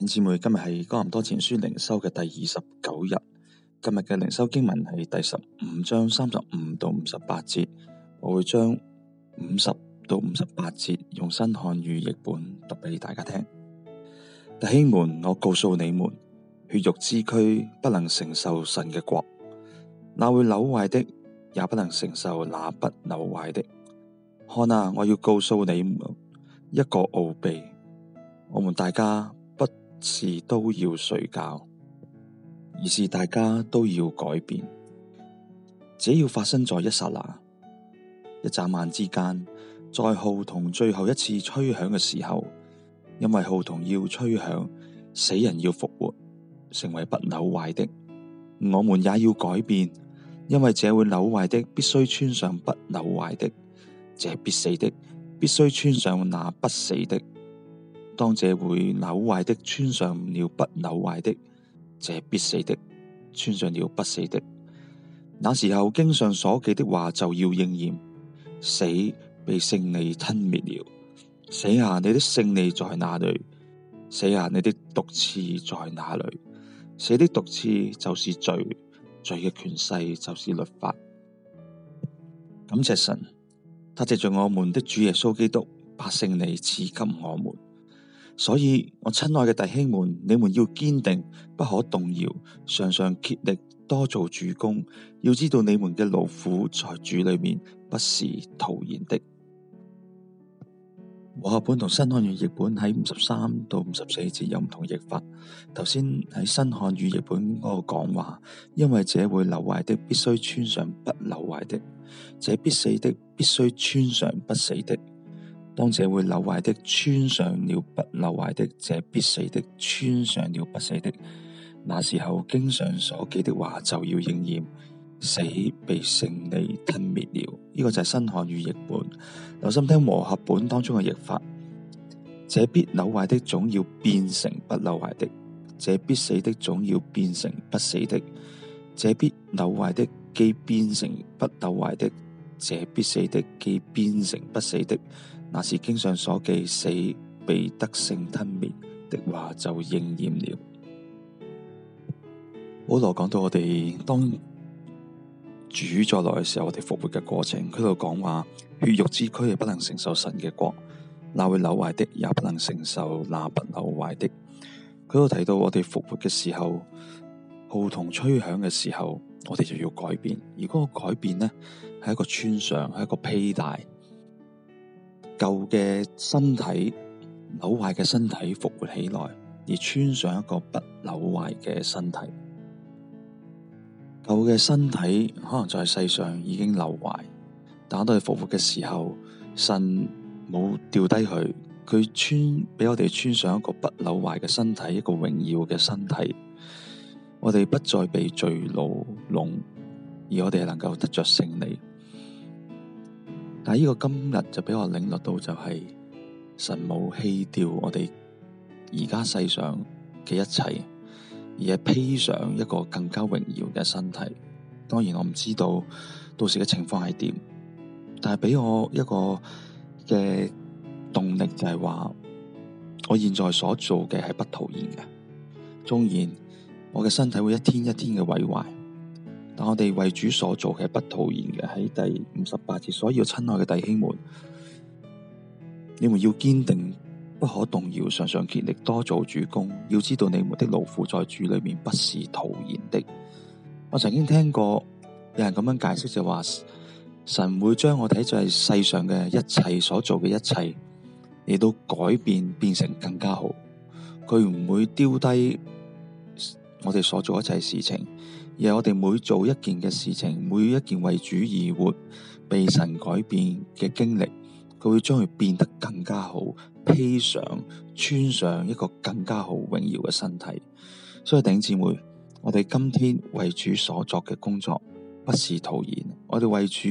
兄姐妹今日係《哥林多前書》靈修嘅第二十九日。今日嘅靈修經文係第十五章三十五到五十八節。我會將五十到五十八節用新漢語譯本讀俾大家聽。弟兄們，我告訴你們，血肉之軀不能承受神嘅國，那會扭壞的，也不能承受那不扭壞的。看啊，我要告訴你們一個奧秘，我們大家。是都要睡覺，而是大家都要改變。這要發生在一剎那、一眨眼之間，在號筒最後一次吹響嘅時候，因為號筒要吹響，死人要復活，成為不朽壞的。我們也要改變，因為這會朽壞的，必須穿上不朽壞的。這必死的，必須穿上那不死的。當這會扭壞的穿上了不扭壞的，這必死的穿上了不死的。那時候經上所記的話就要應驗，死被勝利吞滅了。死下，你的勝利在哪裏？死下，你的毒刺在哪裏？死的毒刺就是罪，罪嘅權勢就是律法。感謝神，他借着我們的主耶穌基督把勝利賜給我們。所以我親愛嘅弟兄們，你們要堅定，不可動搖，常常竭力多做主工。要知道你們嘅勞苦在主裏面，不是徒然的。我和合本同新漢語譯本喺五十三到五十四節有唔同譯法。頭先喺新漢語譯本嗰個講話，因為這會朽壞的，必須穿上不朽壞的；這必死的，必須穿上不死的。當這會朽壞的穿上了不朽壞的，這必死的穿上了不死的，那時候經常所記的話就要應驗，死被勝利吞滅了。呢、這個就係新漢語譯本。留心聽和合本當中嘅譯法：這必朽壞的總要變成不朽壞的，這必死的總要變成不死的，這必朽壞的既變成不朽壞的，這必死的既變成不死的。那是經上所記，死被得勝吞滅的話就應驗了。保羅講到我哋當主再來嘅時候，我哋復活嘅過程，佢度講話，血肉之軀係不能承受神嘅國，那會朽壞的，也不能承受那不朽壞的。佢度提到我哋復活嘅時候，號筒吹響嘅時候，我哋就要改變。而嗰個改變呢，係一個穿上，係一個披戴。舊嘅身體，朽壞嘅身體復活起來，而穿上一個不朽壞嘅身體。舊嘅身體可能在世上已經朽壞，但都係復活嘅時候，神冇掉低佢，佢穿畀我哋穿上一個不朽壞嘅身體，一個榮耀嘅身體。我哋不再被罪牢籠，而我哋能夠得着勝利。但係呢個今日就俾我領略到就係神冇棄掉我哋而家世上嘅一切，而係披上一個更加榮耀嘅身體。當然我唔知道到時嘅情況係點，但係畀我一個嘅動力就係話，我現在所做嘅係不徒然嘅，縱然我嘅身體會一天一天嘅毀壞。但我哋為主所做嘅係不徒然嘅，喺第五十八節，所有親愛嘅弟兄們，你們要堅定，不可動搖，常常竭力多做主工。要知道你們的勞苦在主裏面不是徒然的。我曾經聽過有人咁樣解釋就話，神會將我睇在世上嘅一切所做嘅一切，亦都改變變成更加好。佢唔會丟低。我哋所做一切事情，而係我哋每做一件嘅事情，每一件為主而活，被神改變嘅經歷，佢會將佢變得更加好，披上穿上一個更加好榮耀嘅身體。所以頂姊妹，我哋今天為主所作嘅工作不是徒然，我哋為主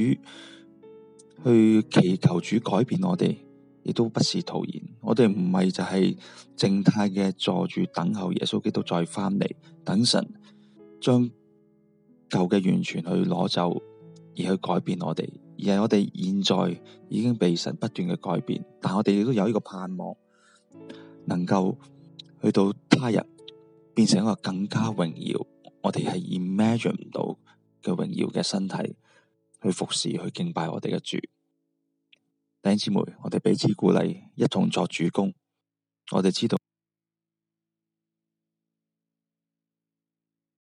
去祈求主改變我哋。亦都不是徒然，我哋唔係就係靜態嘅坐住等候耶穌基督再翻嚟，等神將舊嘅完全去攞走，而去改變我哋，而係我哋現在已經被神不斷嘅改變，但我哋亦都有一個盼望，能夠去到他日變成一個更加榮耀，我哋係 imagine 唔到嘅榮耀嘅身體去服侍、去敬拜我哋嘅主。頂姊妹，我哋彼此鼓勵，一同作主工。我哋知道。